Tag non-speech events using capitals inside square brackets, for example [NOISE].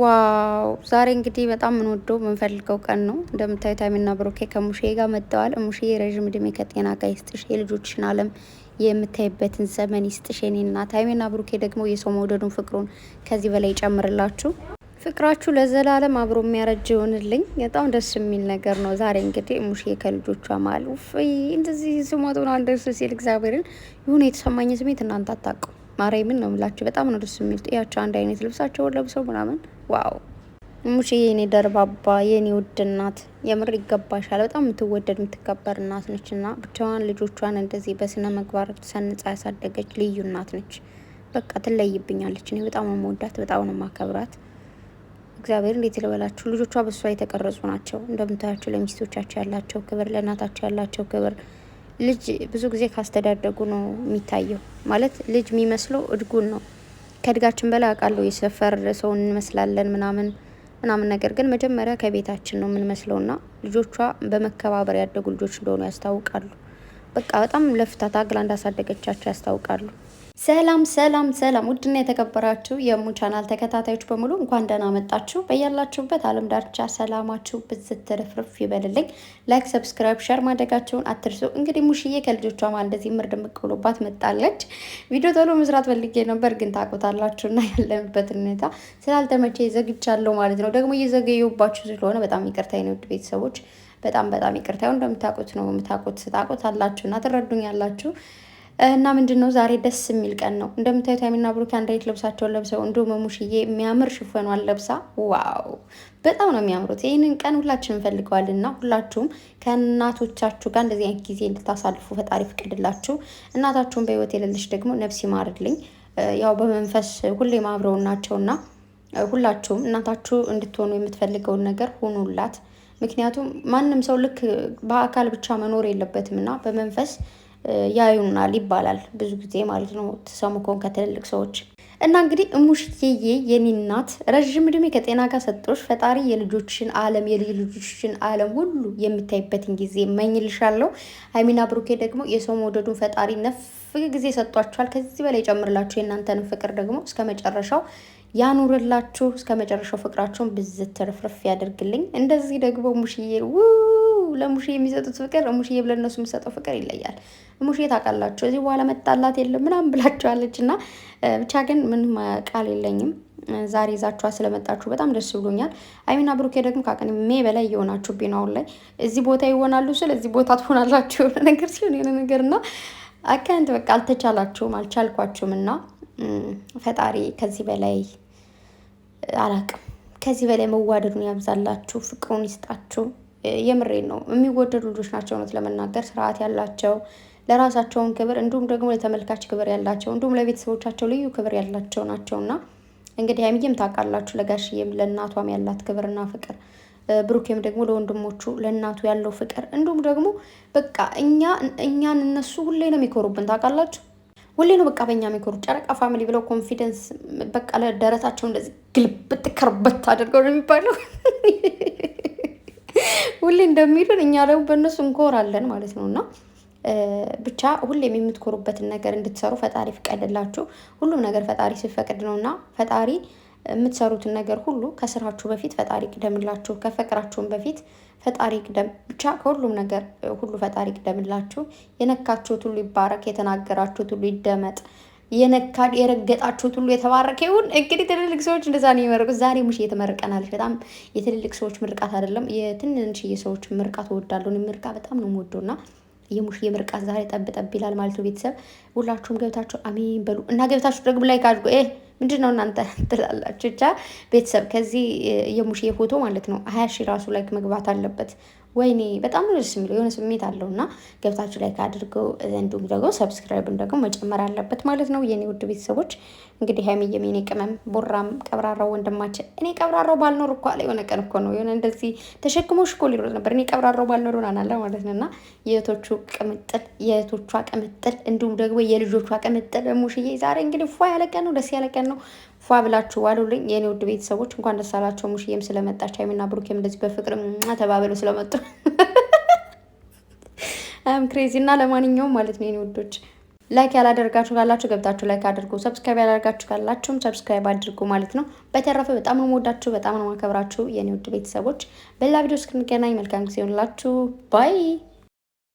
ዋው ዛሬ እንግዲህ በጣም የምንወደው የምንፈልገው ቀን ነው። እንደምታዩት ሀይሚና ብሩኬ ከሙሼ ጋር መጥተዋል። ሙሼ ረዥም እድሜ ከጤና ጋር ይስጥሽ፣ የልጆችን አለም የምታይበትን ዘመን ይስጥሽ የኔ እናት። ሀይሚና ብሩኬ ደግሞ የሰው መውደዱን ፍቅሩን ከዚህ በላይ ይጨምርላችሁ፣ ፍቅራችሁ ለዘላለም አብሮ የሚያረጅ ይሆንልኝ። በጣም ደስ የሚል ነገር ነው። ዛሬ እንግዲህ ሙሼ ከልጆቿ መሀል እንደዚህ ስሞት ሆነ ደስ ሲል እግዚአብሔርን ይሁን የተሰማኝ ስሜት እናንተ አታውቁም። ማርያምን ነው ምላችሁ። በጣም ነው ደስ የሚል ጥያቸው አንድ አይነት ልብሳቸውን ለብሰው ምናምን ዋው ሙሽ የኔ ደርባባ የኔ ውድ እናት የምር ይገባሻል። በጣም የምትወደድ የምትከበር እናት ነች እና ብቻዋን ልጆቿን እንደዚህ በስነ ምግባር ሰንጻ ያሳደገች ልዩ እናት ነች። በቃ ትለይብኛለች። እኔ በጣም መወዳት፣ በጣም ነው ማከብራት። እግዚአብሔር እንዴት ልበላችሁ፣ ልጆቿ በሷ የተቀረጹ ናቸው። እንደምታያቸው ለሚስቶቻቸው ያላቸው ክብር፣ ለእናታቸው ያላቸው ክብር ልጅ ብዙ ጊዜ ካስተዳደጉ ነው የሚታየው። ማለት ልጅ የሚመስለው እድጉን ነው። ከእድጋችን በላይ አውቃለሁ፣ የሰፈር ሰው እንመስላለን ምናምን ምናምን። ነገር ግን መጀመሪያ ከቤታችን ነው የምንመስለው ና ልጆቿ በመከባበር ያደጉ ልጆች እንደሆኑ ያስታውቃሉ። በቃ በጣም ለፍታ ታግላ እንዳሳደገቻቸው ያስታውቃሉ። ሰላም ሰላም ሰላም! ውድና የተከበራችሁ የሙ ቻናል ተከታታዮች በሙሉ እንኳን ደህና መጣችሁ። በያላችሁበት ዓለም ዳርቻ ሰላማችሁ ብዝት ትርፍርፍ ይበልልኝ። ላይክ፣ ሰብስክራይብ፣ ሸር ማድረጋችሁን አትርሱ። እንግዲህ ሙሽዬ ከልጆቿ ማ እንደዚህ ምርድ ምቅብሎባት መጣለች። ቪዲዮ ቶሎ መስራት ፈልጌ ነበር፣ ግን ታውቁታላችሁና ያለንበትን ሁኔታ ስላልተመቼ ዘግቻለሁ ማለት ነው። ደግሞ እየዘገየሁባችሁ ስለሆነ በጣም ይቅርታ የኔ ውድ ቤተሰቦች፣ በጣም በጣም ይቅርታ። እንደምታውቁት ነው የምታውቁት ስታውቁት አላችሁና ትረዱኛላችሁ እና ምንድን ነው ዛሬ ደስ የሚል ቀን ነው። እንደምታዩት ሀይሚና ብሩኬ አንድ አይነት ልብሳቸውን ለብሰው እንዲሁም ሙሽዬ የሚያምር ሽፈኗን ለብሳ ዋው በጣም ነው የሚያምሩት። ይህንን ቀን ሁላችን እንፈልገዋለን እና ሁላችሁም ከእናቶቻችሁ ጋር እንደዚህ አይነት ጊዜ እንድታሳልፉ ፈጣሪ ፍቅድላችሁ። እናታችሁን በህይወት የሌለች ደግሞ ነፍስ ይማርልኝ። ያው በመንፈስ ሁሌም አብረውን ናቸውና ሁላችሁም እናታችሁ እንድትሆኑ የምትፈልገውን ነገር ሁኑላት። ምክንያቱም ማንም ሰው ልክ በአካል ብቻ መኖር የለበትም እና በመንፈስ ያዩናል ይባላል ብዙ ጊዜ ማለት ነው። ትሰሙ ከሆን ከትልልቅ ሰዎች እና እንግዲህ እሙሽዬ የኔ እናት ረዥም እድሜ ከጤና ጋር ሰጦች ፈጣሪ የልጆችን ዓለም የልጅ ልጆችን ዓለም ሁሉ የሚታይበትን ጊዜ እመኝልሻለሁ። ሀይሚና ብሩኬ ደግሞ የሰው መውደዱን ፈጣሪ ነፍ ጊዜ ሰጧችኋል። ከዚህ በላይ ጨምርላችሁ የእናንተንም ፍቅር ደግሞ እስከ መጨረሻው ያኑርላችሁ። እስከ መጨረሻው ፍቅራቸውን ብዝት ርፍርፍ ያደርግልኝ። እንደዚህ ደግሞ ሙሽዬ ለሙሽ የሚሰጡት ፍቅር ሙሽ ብለ እነሱ የሚሰጠው ፍቅር ይለያል። ሙሽ ታውቃላችሁ፣ እዚህ በኋላ መጣላት የለም ምናምን ብላችኋለች እና ብቻ ግን ምንም ቃል የለኝም። ዛሬ ይዛችኋ ስለመጣችሁ በጣም ደስ ብሎኛል። አይሚና ብሩኬ ደግሞ ሜ በላይ እየሆናችሁ ቢናውን ላይ እዚህ ቦታ ይሆናሉ፣ ስለዚህ ቦታ ትሆናላችሁ የሆነ ነገር ሲሆን የሆነ ነገር እና አካንት በቃ አልተቻላችሁም፣ አልቻልኳችሁም እና ፈጣሪ ከዚህ በላይ አላቅም ከዚህ በላይ መዋደዱን ያብዛላችሁ፣ ፍቅሩን ይስጣችሁ። የምሬን ነው የሚወደዱ ልጆች ናቸው። እውነት ለመናገር ስርዓት ያላቸው ለራሳቸውን ክብር እንዲሁም ደግሞ ለተመልካች ክብር ያላቸው እንዲሁም ለቤተሰቦቻቸው ልዩ ክብር ያላቸው ናቸውና እንግዲህ ሀይሚዬም ታውቃላችሁ ለጋሽዬም ለእናቷም ያላት ክብርና ፍቅር ብሩኬም ደግሞ ለወንድሞቹ ለእናቱ ያለው ፍቅር እንዲሁም ደግሞ በቃ እኛ እኛን እነሱ ሁሌ ነው የሚኮሩብን ታውቃላችሁ። ሁሌ ነው በቃ በእኛ የሚኮሩ ጨረቃ ፋሚሊ ብለው ኮንፊደንስ በቃ ለደረታቸው እንደዚህ ግልብጥ ከርበት አድርገው ነው የሚባለው [LAUGHS] ሁሌ እንደሚሉን እኛ ደግሞ በእነሱ እንኮራለን ማለት ነው እና ብቻ ሁሌም የምትኮሩበትን ነገር እንድትሰሩ ፈጣሪ ፍቀድላችሁ። ሁሉም ነገር ፈጣሪ ሲፈቅድ ነው እና ፈጣሪ የምትሰሩትን ነገር ሁሉ ከስራችሁ በፊት ፈጣሪ ቅደምላችሁ፣ ከፍቅራችሁም በፊት ፈጣሪ ቅደም። ብቻ ከሁሉም ነገር ሁሉ ፈጣሪ ቅደምላችሁ። የነካችሁት ሁሉ ይባረክ፣ የተናገራችሁት ሁሉ ይደመጥ። የነካ የረገጣችሁት ሁሉ የተባረከ ይሁን። እንግዲህ ትልልቅ ሰዎች እንደዛ ነው የሚመርቁት። ዛሬ ሙሽ እየተመረቀናለች። በጣም የትልልቅ ሰዎች ምርቃት አይደለም፣ የትንንሽ የሰዎች ምርቃት እወዳለሁ። ምርቃ በጣም ነው የምወደው እና የሙሽ የምርቃት ዛሬ ጠብ ጠብ ይላል ማለት ነው። ቤተሰብ ሁላችሁም ገብታችሁ አሜን በሉ እና ገብታችሁ ደግሞ ላይ ካድጎ ምንድን ነው እናንተ [LAUGHS] ትላላችሁ። ብቻ ቤተሰብ ከዚህ የሙሽ የፎቶ ማለት ነው ሀያ ሺህ ራሱ ላይክ መግባት አለበት። ወይኔ በጣም ደስ የሚለው የሆነ ስሜት አለው እና ገብታችሁ ላይ ከአድርገው እንዲሁም ደግሞ ሰብስክራይብ ደግሞ መጨመር አለበት ማለት ነው። የኔ ውድ ቤተሰቦች እንግዲህ ሀይሚዬም የኔ ቅመም ቦራም ቀብራራው ወንድማችን እኔ ቀብራራው ባልኖር እኮ አለ የሆነ ቀን እኮ ነው የሆነ እንደዚህ ተሸክሞ ሽኮ ሊኖር ነበር እኔ ቀብራራው ባልኖር ሆናናለ ማለት ነው እና የእህቶቹ ቅምጥል የእህቶቿ ቅምጥል እንዲሁም ደግሞ የልጆቿ ቅምጥል ሙሽዬ ዛሬ እንግዲህ ፏ ያለቀን ነው። ደስ ያለቀን ነው። ፏ ብላችሁ ዋሉልኝ የኔ ውድ ቤተሰቦች። እንኳን ደስ አላቸው። ሙሽዬም ስለመጣች ሀይሚና ብሩኬም እንደዚህ በፍቅር ተባብለው ስለመጡ [LAUGHS] አም ክሬዚ እና ለማንኛውም ማለት ነው የኔ ውዶች ላይክ ያላደርጋችሁ ካላችሁ ገብታችሁ ላይክ አድርጉ። ሰብስክራይብ ያላደርጋችሁ ካላችሁም ሰብስክራይብ አድርጉ ማለት ነው። በተረፈ በጣም ነው የምወዳችሁ፣ በጣም ነው የማከብራችሁ የኔ ውድ ቤተሰቦች። በሌላ ቪዲዮ እስክንገናኝ መልካም ጊዜ ይሁንላችሁ። ባይ